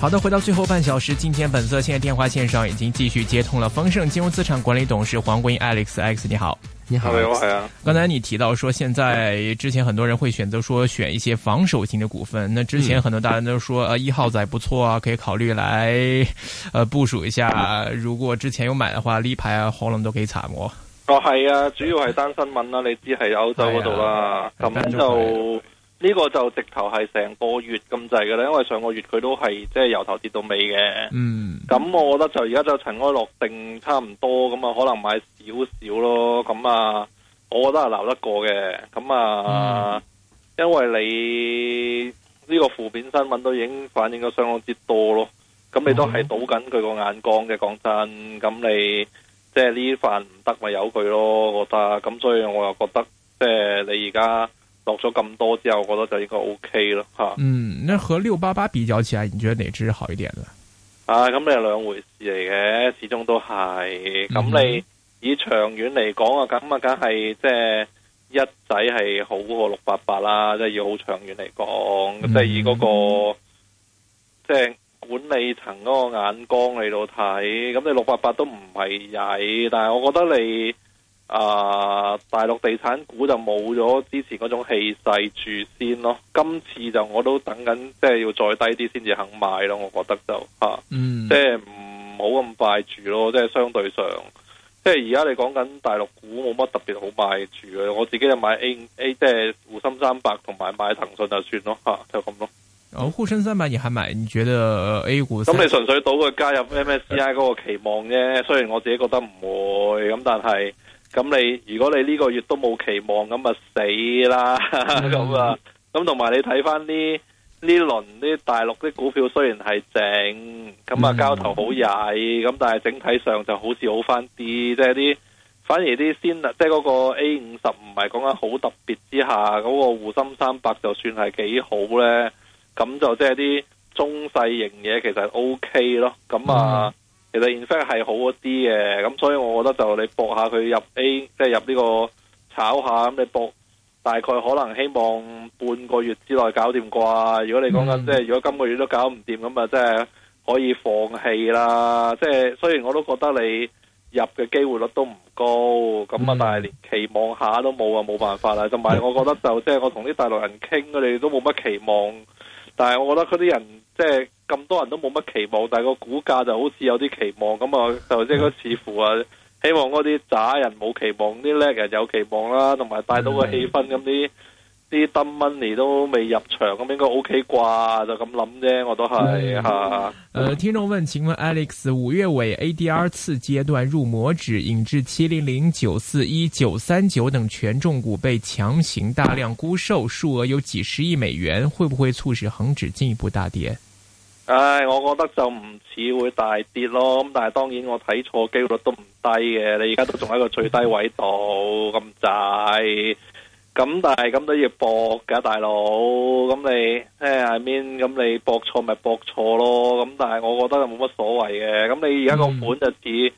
好的，回到最後半小時，金錢本色，現在電話線上已經繼續接通了。豐盛金融資產管理董事黃國英 Alex，Alex 你好，你好，你好呀。剛才你提到說，現在之前很多人會選擇說選一些防守型的股份，那之前很多大人都說，嗯、啊一號仔不錯啊，可以考慮來，呃部署一下。如果之前有買的話，利牌啊，鴻隆都可以搏過。哦係啊，主要係單新聞啦、啊，你知係歐洲嗰度啊，咁、哎、呀就。呢個就直頭係成個月咁滯嘅喇，因為上個月佢都係即係由頭跌到尾嘅。Mm. 嗯，咁我覺得就而家就塵埃落定差唔多，咁、嗯、啊可能買少少咯。咁、嗯、啊，我覺得係留得過嘅。咁、嗯、啊，嗯、因為你呢、呢個負面新聞都已經反映咗相當之多咯。咁、嗯、你都係賭緊佢個眼光嘅，講真。咁、嗯嗯嗯、你即係呢瓣唔得咪由佢咯，我覺得。咁、嗯、所以我又覺得即係你而家。落咗咁多之後，我覺得就應該 OK 咯，吓。嗯，那和六八八比較起來，你覺得哪隻好一點咧？啊，咁你係兩回事嚟嘅，始終都係。咁你以長遠嚟講啊，咁啊，梗係即係一仔係好過六八八啦。即係要好長遠嚟講，即係以嗰個即係管理層嗰個眼光嚟到睇，咁你六八八都唔係曳，但係我覺得你。啊！大陸地產股就冇咗之前嗰種氣勢住先咯。今次就我都等緊，即係要再低啲先至肯買咯。我覺得就嚇，啊嗯、即係唔好咁快住咯。即係相對上，即係而家你講緊大陸股冇乜特別好買住嘅。我自己就買 A A，即係滬深三百同埋買騰訊就算咯嚇、啊，就咁咯。哦，滬深三百，你還買？你覺得 A 股咁、嗯、你純粹賭佢加入 MSCI 嗰個期望啫。雖然我自己覺得唔會咁，但係。咁你如果你呢個月都冇期望，咁咪死啦咁啊！咁同埋你睇翻呢呢輪啲大陸啲股票，雖然係正，咁啊交投好曳，咁但係整體上就好似好翻啲，即係啲反而啲先，即係嗰個 A 五十唔係講緊好特別之下，嗰、嗰個滬深三百就算係幾好呢。咁就即係啲中細型嘢其實 OK 咯，咁啊。嗯其實 in fact 係好一啲嘅，咁所以我覺得就你搏下佢入 A，即係入呢個炒下，咁你搏大概可能希望半個月之內搞掂啩。如果你講緊、嗯、即係如果今個月都搞唔掂，咁啊真係可以放棄啦。即係雖然我都覺得你入嘅機會率都唔高，咁啊、嗯、但係連期望下都冇啊，冇辦法啦。同埋我覺得就即係我同啲大陸人傾，佢哋都冇乜期望，但係我覺得嗰啲人即係。咁多人都冇乜期望，但係個股價就好似有啲期望咁啊，就即係個似乎啊，希望嗰啲渣人冇期望，啲、嗯、叻人，人有期望啦，同埋帶到個氣氛咁啲啲 dumb money 都未入場咁，應該 O K 啩。就咁諗啫，我都係吓。對啊、聽眾問：請問 Alex，五月尾 ADR 次階段入摩指引致七零零九四一九三九等權重股被強行大量沽售，數額有幾十億美元，會唔會促使恒指進一步大跌？唉，我覺得就唔似會大跌咯，咁但係當然我睇錯機率都唔低嘅。你而家都仲喺個最低位度咁滯，咁但係咁都要搏㗎，大佬。咁你誒阿 m i n mean, 咁你搏錯咪搏錯咯。咁但係我覺得冇乜所謂嘅。咁你而家、嗯、個款就似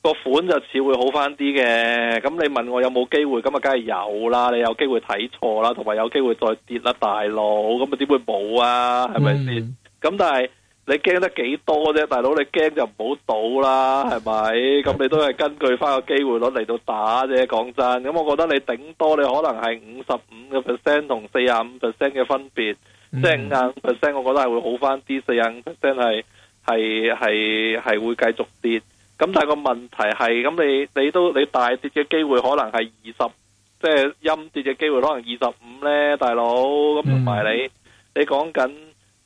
個款就似會好返啲嘅。咁你問我有冇機會？咁啊梗係有啦。你有機會睇錯啦，同埋有機會再跌啦，大佬。咁啊點會冇啊？係咪先？是咁但係你驚得幾多啫，大佬你驚就唔好賭啦，係咪？咁你都係根據翻個機會率嚟到打啫，講真。咁我覺得你頂多你可能係五十五個 percent 同四十五 percent 嘅分別，即係五十五 percent，我覺得係會好翻啲，四十五 percent 係係係係會繼續跌。咁但係個問題係咁，你你都你大跌嘅機會可能係二十，即係陰跌嘅機會可能二十五咧，大佬。咁同埋你你講緊。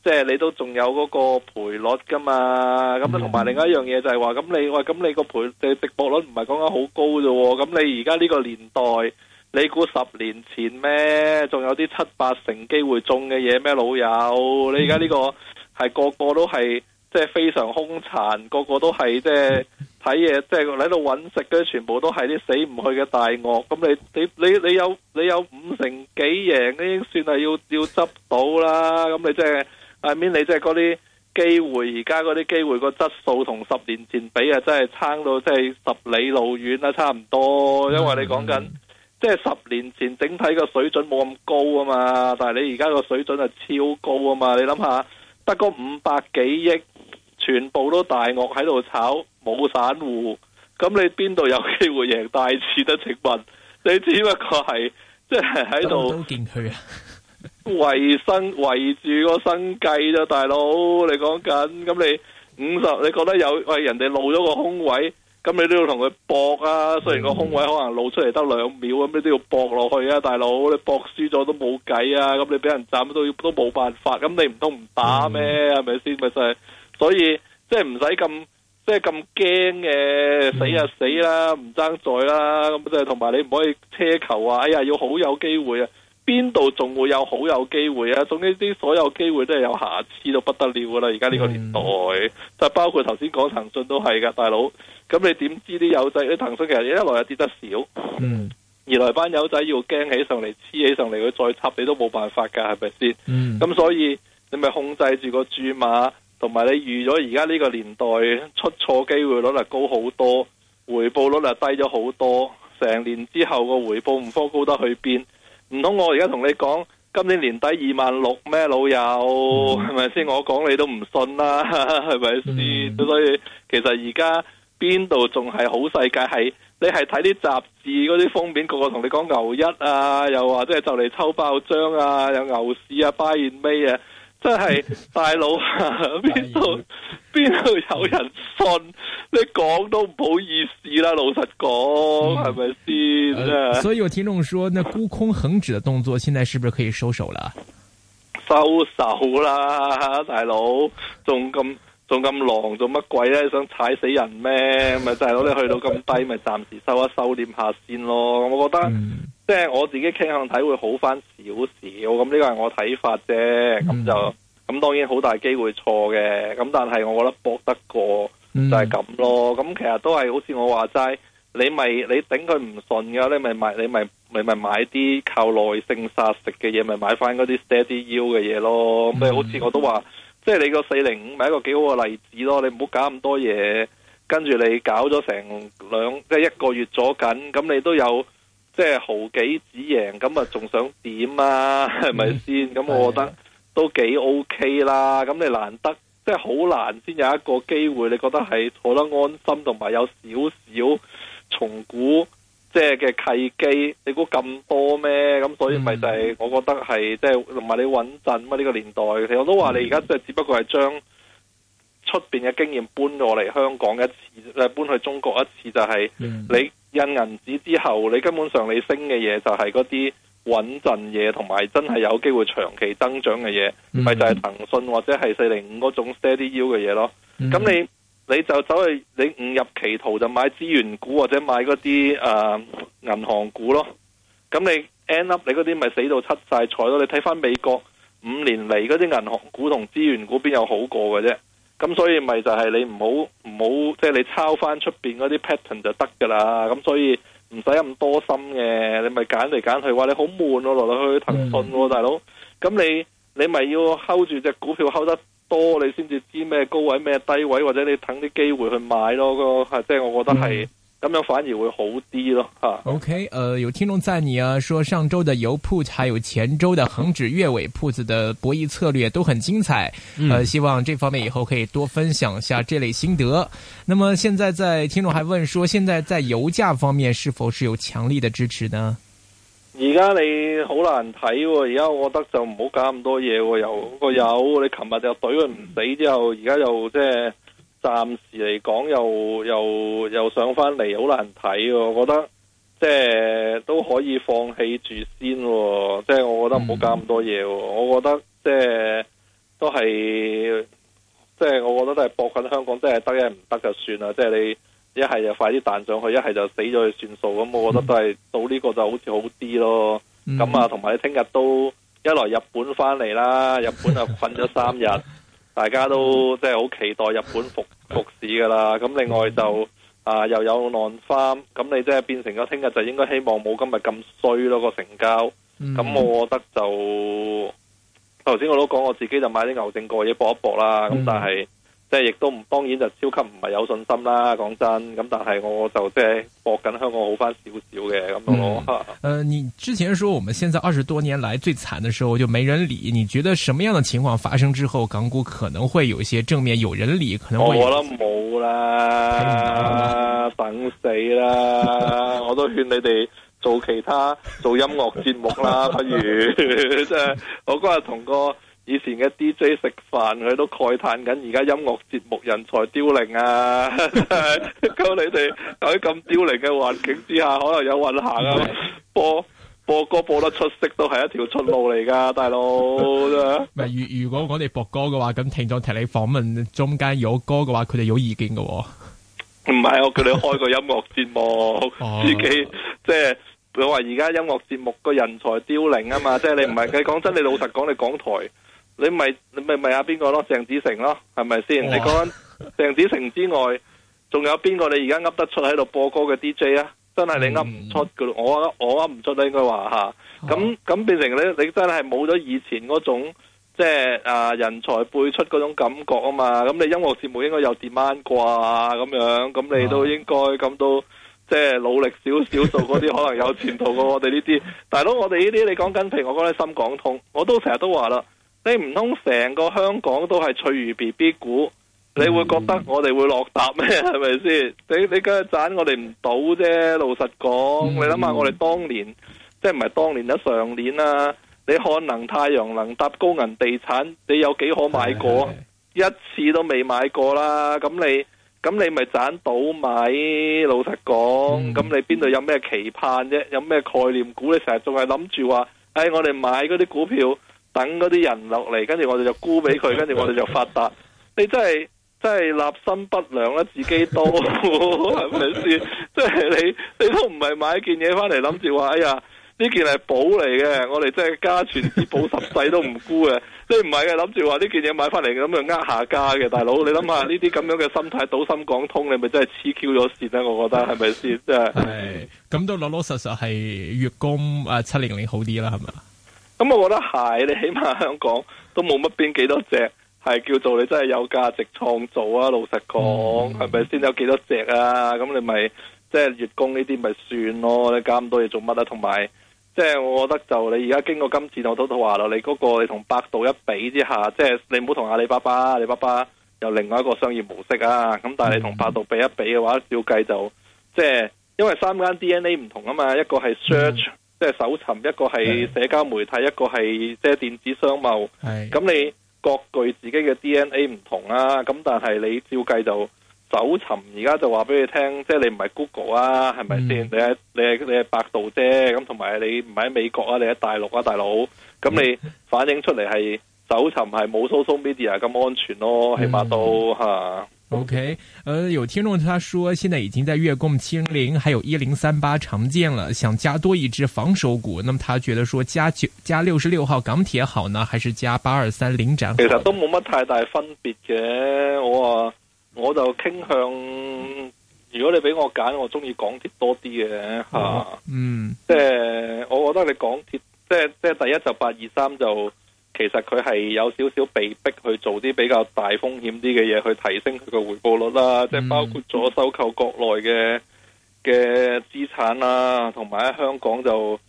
即係你都仲有嗰個賠率噶嘛？咁啊，同埋另外一樣嘢就係話，咁你我話咁你嗰個賠嘅直播率唔係講緊好高啫？咁你而家呢個年代，你估十年前咩？仲有啲七八成機會中嘅嘢咩？老友，你而家呢個係個個都係即係非常凶殘，個個都係即係睇嘢，即係喺度揾食嗰啲，全部都係啲死唔去嘅大鱷。咁你你你,你有你有五成幾贏，已經算係要要執到啦。咁你即係。阿 I Min，mean, 你即係嗰啲機會，而家嗰啲機會個質素同十年前比啊，真係差到即係十里路遠啦，差唔多。因為你講緊即係十年前整體個水準冇咁高啊嘛，但係你而家個水準係超高啊嘛，你諗下得嗰五百幾億，全部都大鱷喺度炒，冇散戶，咁你邊度有機會贏大市咧？請問，你只不過係即係喺度。就是 維生維住個生計啊，大佬，你講緊咁你五十你覺得有喂人哋露咗個空位，咁你都要同佢搏啊！雖然個空位可能露出嚟得兩秒咁，你都要搏落去啊！大佬你搏輸咗都冇計啊！咁你俾人斬都都冇辦法，咁你唔通唔打咩？係咪先咪就係？所以即係唔使咁即係咁驚嘅，死就死啦，唔爭在啦，咁即係同埋你唔可以奢求啊！哎呀，要好有機會啊！邊度仲會有好有機會啊？總之啲所有機會都係有瑕疵到不得了噶啦！而家呢個年代就、嗯、包括頭先講騰訊都係噶，大佬咁你點知啲友仔啲騰訊其實一來又跌得少，二、嗯、來班友仔要驚起上嚟，黐起上嚟，佢再插你都冇辦法㗎，係咪先？咁、嗯、所以你咪控制住個注碼，同埋你預咗而家呢個年代出錯機會率係高好多，回報率係低咗好多，成年之後個回報唔科高得去邊？唔通我而家同你講今年年底二萬六咩？老友係咪先？我講你都唔信啦，係咪先？Mm hmm. 所以其實而家邊度仲係好世界？係你係睇啲雜誌嗰啲封面，個個同你講牛一啊，又話即係就嚟抽爆漿啊，有牛市啊，Buy in May 啊。 真係大佬，邊度邊度有人信？你講都唔好意思啦，老實講，係咪先啊、嗯呃？所以有聽眾說，那沽空恒指嘅動作，現在是不是可以收手啦？收手啦，大佬仲咁。仲咁狼做乜鬼咧？想踩死人咩？咪 就係攞你去到咁低，咪暫 時收一收斂下先咯。我覺得、嗯、即係我自己傾向睇會好翻少少，咁呢個係我睇法啫。咁、嗯、就咁，當然好大機會錯嘅。咁但係我覺得搏得過就係咁咯。咁、嗯、其實都係好似我話齋，你咪你頂佢唔順嘅話，你咪買你咪咪咪買啲靠耐性殺食嘅嘢，咪買翻嗰啲 steady U 嘅嘢咯。咁、嗯、好似我都話。即係你個四零五，咪一個幾好嘅例子咯。你唔好搞咁多嘢，跟住你搞咗成兩即係一個月咗緊，咁你都有即係毫幾止贏，咁啊仲想點啊？係咪先？咁 我覺得都幾 OK 啦。咁你難得即係好難先有一個機會，你覺得係坐得安心同埋有少少重估。即係嘅契機，你估咁多咩？咁所以咪就係，我覺得係即係同埋你穩陣嘛呢個年代。其實我都話你而家即係只不過係將出邊嘅經驗搬過嚟香港一次，誒搬去中國一次，就係、是、你印銀紙之後，你根本上你升嘅嘢就係嗰啲穩陣嘢，同埋真係有機會長期增長嘅嘢，咪、mm hmm. 就係騰訊或者係四零五嗰種 steady yield 嘅嘢咯。咁、mm hmm. 你。你就走去你誤入歧途，就買資源股或者買嗰啲誒銀行股咯，咁你 end up 你嗰啲咪死到七晒彩咯？你睇翻美國五年嚟嗰啲銀行股同資源股邊有好過嘅啫？咁所以咪就係你唔好，唔好即係你抄翻出面嗰啲 pattern 就得噶啦。咁所以唔使咁多心嘅，你咪揀嚟揀去話你好悶咯、啊，落落去騰訊、啊、大佬，咁你你咪要 hold 住隻股票 hold 得。多你先至知咩高位咩低位，或者你等啲機會去買咯個即係我覺得係咁、嗯、樣反而會好啲咯吓。OK，誒、呃，有聽眾讚你啊，說上周的油 put，還有前周的恒指月尾 put 子的博弈策略都很精彩，誒、嗯呃，希望這方面以後可以多分享下這類心得。那麼現在在聽眾還問說，現在在油價方面是否是有強力的支持呢？而家你好難睇喎、哦，而家我覺得就唔好搞咁多嘢喎、哦，又有個友，你，琴日就懟佢唔死之後，而家又即係暫時嚟講又又又上返嚟，好難睇喎、哦哦。我覺得即係都可以放棄住先，即係、嗯、我覺得唔好搞咁多嘢。我覺得即係都係，即係我覺得都係搏緊香港，即係得嘅唔得就算啦。即係你。一係就快啲彈上去，一係就死咗去算數。咁我覺得都係、嗯、到呢個就好似好啲咯。咁啊、嗯，同埋你聽日都一來日本翻嚟啦，日本就瞓咗三日，大家都、嗯、即係好期待日本復復市噶啦。咁另外就啊、呃、又有浪翻，咁你即係變成咗聽日就應該希望冇今日咁衰咯、個成交。咁、嗯、我覺得就頭先我都講，我自己就買啲牛證個嘢搏一搏啦。咁但係。嗯即係亦都唔，當然就超級唔係有信心啦，講真，咁但係我就即係搏緊香港好返少少嘅咁咯。誒、嗯呃，你之前說我們現在二十多年來最慘嘅時候就沒人理，你覺得什麼樣嘅情況發生之後，港股可能會有一些正面有人理？可能會我都冇啦，等死啦！ 我都勸你哋做其他做音樂節目啦，不如即係 我嗰日同個。以前嘅 DJ 食飯，佢都慨嘆緊，而家音樂節目人才凋零啊！咁 你哋喺咁凋零嘅環境之下，可能有運行啊！播播歌播得出色都係一條出路嚟噶大佬。唔係如如果我哋播歌嘅話，咁聽咗聽你訪問中間有歌嘅話，佢哋有意見㗎喎。唔係我叫你開個音樂節目， 自己即係佢話而家音樂節目個人才凋零啊嘛！即係你唔係 你講真，你老實講，你港台。你咪咪咪阿邊個咯，鄭子誠咯，係咪先？你講鄭子誠之外，仲有邊個，嗯？你而家噏得出喺度播歌嘅 DJ 啊？真係你噏唔出噶咯，我我噏唔出啦，應該話吓。咁咁變成你你真係冇咗以前嗰種即係、就是、啊人才輩出嗰種感覺啊嘛。咁你音樂節目應該有 demand 啩咁、啊、樣，咁你都應該咁都即係努力少少做嗰啲可能有前途過我哋呢啲大佬。我哋呢啲你講緊平，我講啲深港通，我都成日都話啦。啊你唔通，成個香港都係脆如 B B 股？你會覺得我哋會落踏咩？係咪先？你你梗係斬我哋唔到啫。老實講， 你諗下我哋當年，即係唔係當年啊上年啦，啊。你漢能太陽能搭高銀地產，你有幾可買過？ 一次都未買過啦。咁你咁你咪斬到買？老實講，咁 你邊度有咩期盼啫？有咩概念股？你成日仲係諗住話，哎，我哋買嗰啲股票。等嗰啲人落嚟，跟住我哋就沽俾佢，跟住我哋就發達。你真係真係立心不良啦，自己多係咪先？即係你你都唔係買一件嘢翻嚟諗住話，哎呀呢件係寶嚟嘅，我哋真係家傳之寶十世都唔沽嘅。你唔係嘅諗住話呢件嘢買翻嚟咁就呃下家嘅，大佬你諗下呢啲咁樣嘅心態，賭深港通你咪真係黐 Q 咗線啦？我覺得係咪先？即係係咁都老老實實係月供誒、啊、七零零好啲啦，係咪啊？咁、嗯、 我覺得係，你起碼香港都冇乜邊幾多隻係叫做你真係有價值創造啊！老實講，係咪先，有幾多隻啊？咁、嗯嗯嗯、你咪即係月供呢啲咪算咯、啊？你搞咁多嘢做乜啊？同埋即係我覺得就你而家經過今次我都都話咯，你嗰、嗰個你同百度一比之下，即係你唔好同阿里巴巴，阿里巴巴有另外一個商業模式啊。咁但係你同百度比一比嘅話，照計就即係因為三間 DNA 唔同啊嘛，一個係 search。嗯即係搜尋一個係社交媒體，的一個係即係電子商務。咁的你各具自己嘅 DNA 唔同啊。咁但係你照計就搜尋而家就話俾你聽，即係你唔係 Google 啊，係咪先？你係你係你係百度啫。咁同埋你唔喺美國啊，你喺大陸啊，大佬。咁你反映出嚟係搜尋係冇 social media 咁安全咯，起碼都吓。嗯啊 O K，誒，有聽眾他說，現在已經在月供七百，還有一零三八長建了，想加多一支防守股，那麼他覺得說加九加六十六號港鐵好呢，還是加八二三領展？其實都冇乜太大分別嘅，我、啊、我就傾向，如果你俾我揀，我中意港鐵多啲嘅吓，嗯，即係、呃、我覺得你港鐵，即係即係第一就八二三就。其實佢係有少少被逼去做啲比較大風險啲嘅嘢，去提升佢個回報率啦。即係、嗯、包括咗收購國內嘅嘅資產啦，同埋喺香港就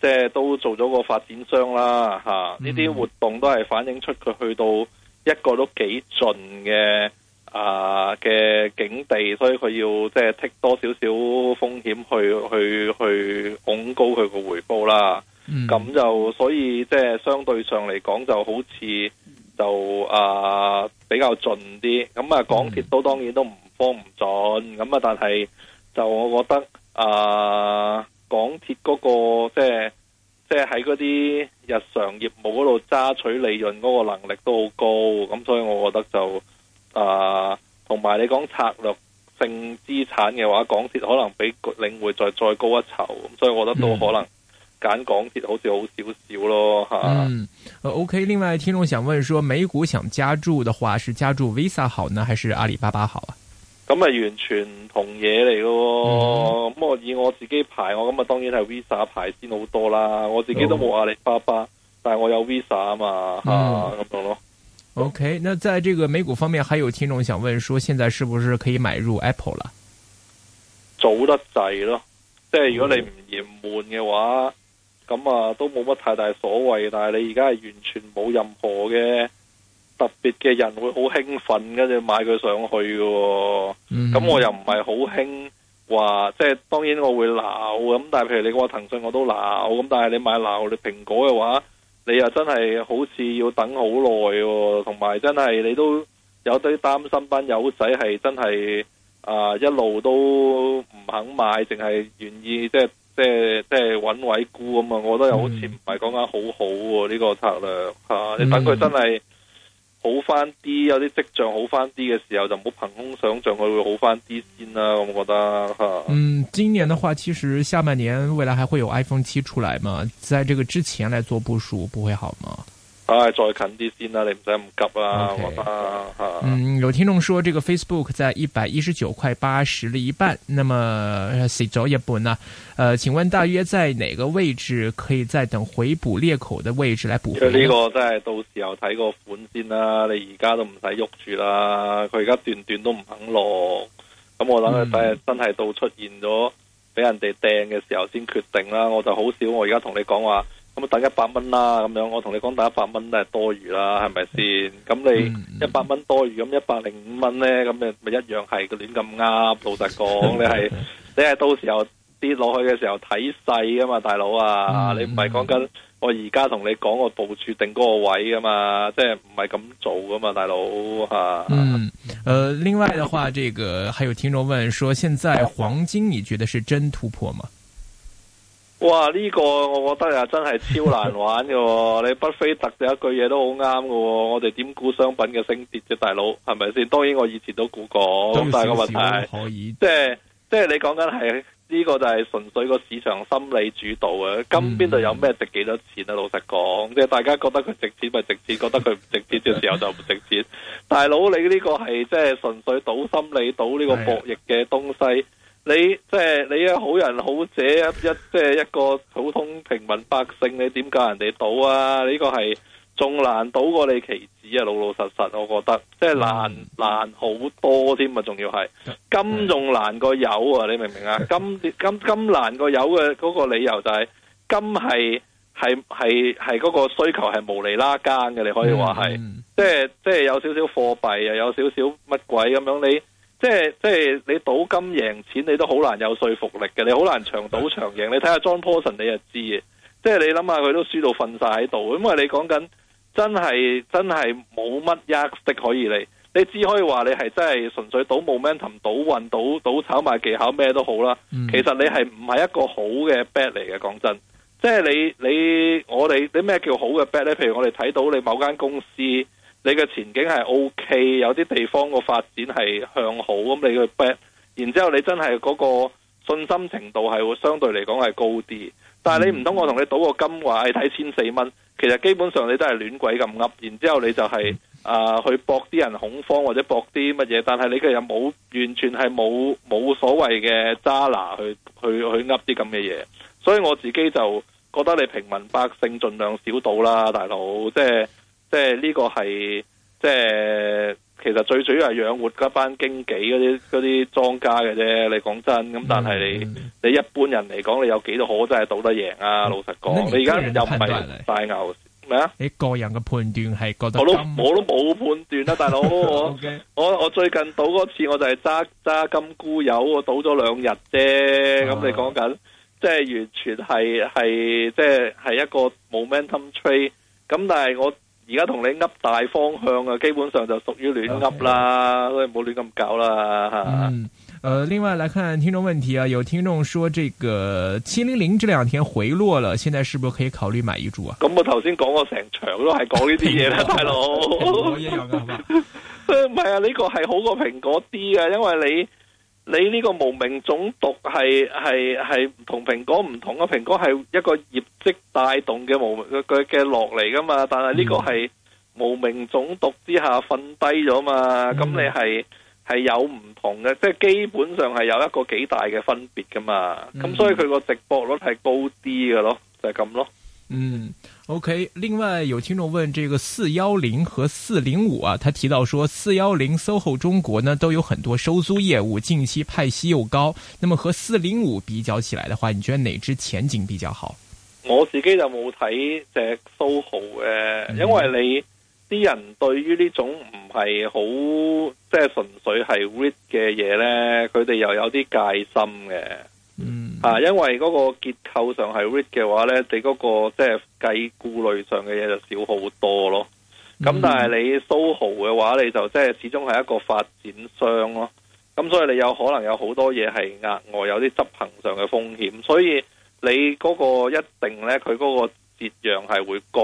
即係都做咗個發展商啦。嚇、啊，呢啲、嗯、活動都係反映出佢去到一個都幾盡嘅啊嘅境地，所以佢要即係 take 多少少風險去去去拱高佢個回報啦。咁就所以，即係相對上嚟講，就好似就啊、呃、比較盡啲。咁啊，港鐵都當然都唔方唔準，咁啊，但係就我覺得啊、呃，港鐵嗰、嗰個即係即係喺嗰啲日常業務嗰度揸取利潤嗰個能力都好高。咁所以我覺得就啊，同、呃、埋你講策略性資產嘅話，港鐵可能比領匯再再高一籌。咁所以我覺得都可能。揀港鐵好似好少少咯吓，o k 另外，聽眾想問說，美股想加注的話，是加注 Visa 好呢，還是阿里巴巴好啊？咁啊，完全唔同嘢嚟嘅，咁我以我自己排，我咁啊，當然係 Visa 排先好多啦。我自己都冇阿里巴巴，哦、但係我有 Visa 啊嘛，吓咁、哦啊、樣咯。OK。那在這個美股方面，還有聽眾想問說，現在是不是可以買入 Apple 啦？嗯、早得滯咯，即係如果你唔嫌慢嘅話。咁啊，都冇乜太大所謂，但係你而家係完全冇任何嘅特別嘅人會好興奮跟住買佢上去嘅、哦。咁、mm hmm. 我又唔係好興話，即係當然我會鬧，咁但係譬如你話騰訊我都鬧，咁但係你買鬧你蘋果嘅話，你又真係好似要等好耐喎，同埋真係你都有啲擔心是是，班友仔係真係一路都唔肯買，淨係願意即係。即係即係穩位估咁、嗯、啊，啊！我覺得又好似唔係講緊好好喎呢個策略吓，你等佢真係好翻啲，有啲跡象好翻啲嘅時候，就唔好憑空想象佢會好翻啲先啦。我覺得吓。嗯，今年嘅話，其實下半年未來還會有 iPhone 七出嚟嘛，在這個之前來做部署，不會好嗎？Okay. 啊，再近啲先啦，你唔使咁急啦，我覺得。嗯，有聽眾說，這個 Facebook 在一百一十九塊八十了一半，那麼蝕咗一半啦。呃，請問大約在哪個位置可以再等回補裂口的位置來補？佢呢個真係到時候睇個款先啦，你而家都唔使喐住啦。佢而家段段都唔肯落，咁我諗佢第日真係到出現咗俾人哋掟嘅時候先決定啦。我就好少我而家同你講話。咁等一百蚊啦，咁樣我同你講，等一百蚊都係多餘啦，係咪先？咁你一百蚊多餘，咁一百零五蚊咧，咁咪咪一樣係亂咁啱。老實講，你係你係到時候跌落去嘅時候睇細啊嘛，大佬啊！你唔係講緊我而家同你講個部署定嗰個位啊嘛，即係唔係咁做噶嘛，大佬吓。誒，另外嘅話，這個還有聽眾問說，現在黃金你覺得是真突破嗎？哇！呢、這個我覺得啊，真係超難玩嘅、哦。 你不非特有一句嘢都好啱嘅。我哋點估商品嘅升跌啫，大佬，係咪先？當然我以前都估過，咁但係個問題，可以即係即係你講緊係呢個就係純粹個市場心理主導啊。咁邊度有咩值幾多錢啊？嗯、老實講，即係大家覺得佢值錢咪值錢，覺得佢唔值錢嘅 時候就唔值錢。大佬，你呢個係即係純粹賭心理、賭呢個博弈嘅東西。 你即係你一好人好者一即係一個普通平民百姓，你點教人哋賭啊？呢、這個係仲難賭過你棋子啊！老老實實，我覺得即係難難好多添啊！仲要係金仲難過油啊？你明唔明啊？金金金難過油嘅嗰個理由就係、是、金係係係係嗰個需求係無厘啦更嘅，你可以話係、嗯、即係即係有少少貨幣又有少少乜鬼咁樣你。即係即係你賭金贏錢，你都好難有說服力嘅。你好難長賭長贏。你睇下 John Paulson 你就知嘅。即係你諗下，佢都輸到瞓晒喺度。因為你講緊真係真係冇乜 yardstick 可以嚟。你只可以話你係真係純粹賭 momentum、賭運、賭賭，賭炒賣技巧咩都好啦。其實你係唔係一個好嘅 bet 嚟嘅？講真，即係你你我哋你咩叫好嘅 bet 咧？譬如我哋睇到你某間公司。你嘅前景係 OK，有啲地方個發展係向好咁，你嘅 bad，然之後你真係嗰個信心程度係會相對嚟講係高啲。但係你唔通、嗯、我同你賭個金話，話你睇千四蚊，其實基本上你都係亂鬼咁噏，然之後你就係、是、啊、呃、去搏啲人恐慌或者搏啲乜嘢，但係你嘅又冇完全係冇冇所謂嘅揸拿去去去噏啲咁嘅嘢。所以我自己就覺得你平民百姓盡量少賭啦，大佬，即、就、係、是。即係呢個係，即係其實最主要係養活嗰班經紀嗰啲嗰啲莊家嘅啫。你講真，咁但係你、嗯、你一般人嚟講，你有幾多可真係賭得贏啊？老實講，你而家又唔係大牛咩啊？你個人嘅判斷係覺得、啊我，我都我都冇判斷啦，大佬 我我我最近賭嗰次我就係揸揸金箍柚，我賭咗兩日啫。咁、嗯、你講緊，即係完全係係即係係一個 momentum trade，咁但係我。而家同你噏大方向啊，基本上就屬於亂噏啦，所以唔好亂咁搞啦吓。誒、嗯呃，另外嚟看聽眾問題啊，有聽眾說，這個七零零這兩天回落了，現在是不是可以考慮買一注啊？咁我頭先講過成場都係講呢啲嘢啦，大佬哥，蘋果一樣噶嘛？唔係啊，呢、呢個係好過蘋果啲啊，因為你。你呢個無名腫毒係係係同蘋果唔同啊，蘋果係一個業績帶動嘅無名嘅嘅落嚟噶嘛，但係呢個係無名腫毒之下瞓低咗嘛，咁、嗯、你係係有唔同嘅，即係基本上係有一個幾大嘅分別噶嘛，咁、嗯、所以佢個值博率係高啲嘅咯，就係、是、咁咯。嗯。OK，另外有聽眾問，這個四幺零和四零五啊，他提到說四幺零 SOHO 中國呢都有很多收租業務，近期派息又高，那麼和四零五比較起來的話，你覺得哪支前景比較好？我自己就冇睇隻 SOHO 嘅，因為你啲、嗯、人對於呢種唔係好即係純粹係 REIT 嘅嘢咧，佢哋又有啲戒心嘅。嗯，啊，因為嗰個結構上係 REIT 嘅話咧，你嗰個即係計顧慮上嘅嘢就少好多咯。咁但係你 SOHO 嘅話，你就即係始終係一個發展商咯。咁所以你有可能有好多嘢係額外有啲執行上嘅風險。所以你嗰個一定咧，佢嗰個折讓係會高，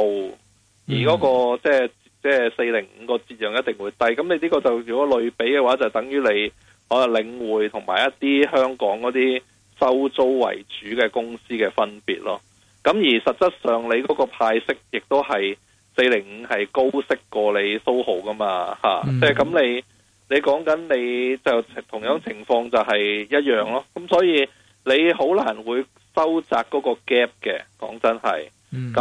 而嗰個即係即係四零五個折讓一定會低。咁你呢個就如果類比嘅話，就等於你可能領匯同埋一啲香港嗰啲。收租為主嘅公司嘅分別咯，咁而實質上你嗰個派息亦都係四零五係高息過你蘇豪噶嘛吓，即係咁你你講緊你就同樣情況就係一樣咯，咁、嗯、所以你好難會收窄嗰個 gap 嘅，講真係，咁、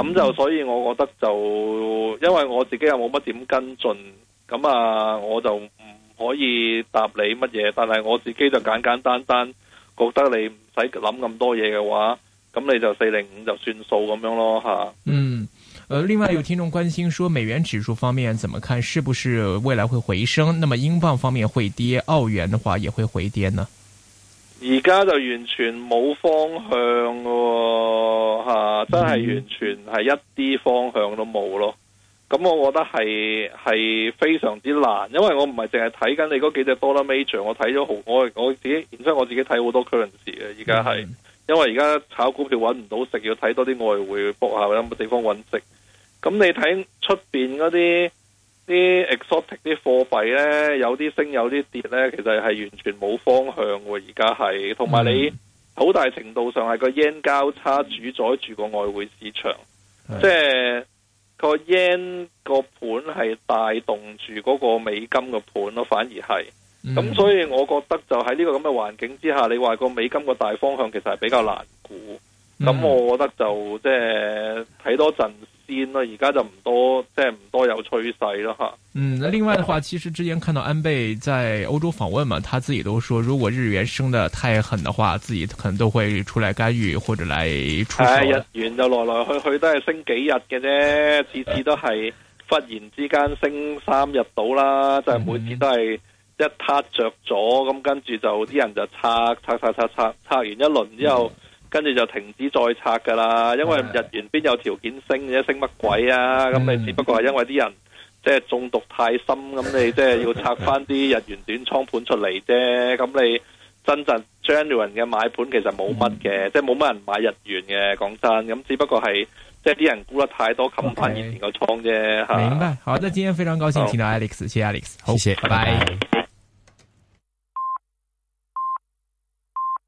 嗯、就所以我覺得就因為我自己又冇乜點跟進，咁啊我就唔可以答你乜嘢，但係我自己就簡簡單單，單覺得你使諗咁多嘢嘅話，咁你就四零五就算數咁樣咯吓。嗯、呃，另外有聽眾關心說，美元指數方面怎麼看？是不是未來會回升？那麼英鎊方面會跌，澳元的話也會回跌呢？而家就完全冇方向嘅、哦，吓、啊，真係完全係一啲方向都冇咯。咁我覺得係係非常之難，嗯嗯、因為我唔係淨係睇緊你嗰幾隻 Dollar major。我睇咗好，我我自己然之後我自己睇好多 currency 嘅，而家係因為而家炒股票揾唔到食，要睇多啲外匯搏下，有冇地方揾食。咁你睇出面嗰啲啲 exotic 啲貨幣呢，有啲升有啲跌呢，其實係完全冇方向喎。而家係同埋你好大程度上係個 yen 交叉主宰住個外匯市場，即係。個 yen 個盤係帶動住嗰個美金個盤咯，反而係，咁、mm hmm. 所以我覺得就喺呢個咁嘅環境之下，你話個美金個大方向其實係比較難估，咁、mm hmm. 我覺得就即係睇多陣。癲而家就唔多，即係唔多有趨勢咯。另外的話，其實之前看到安倍在歐洲訪問嘛，他自己都說如果日元升得太狠的話，自己可能都會出來干預或者來出手。哎，日元就來來去去都係升幾日嘅啫，次次都係忽然之間升三日到啦，就每次都係一撻着咗，咁、嗯、跟住就啲人就拆拆拆拆拆拆完一輪之後。嗯跟住就停止再拆噶啦，因為日元邊有條件升，而家升乜鬼啊？咁、嗯、你只不過係因為啲人即係中毒太深，咁、嗯、你即係要拆翻啲日元短倉盤出嚟啫。咁、嗯、你真正 genuine 嘅買盤其實冇乜嘅，嗯、即係冇乜人買日元嘅。講真，咁只不過係即係啲人估得太多，冚翻以前個倉啫。Okay. 啊、明白。好，那今天非常高興請好到 Alex，謝 Alex，謝好，謝謝，拜拜。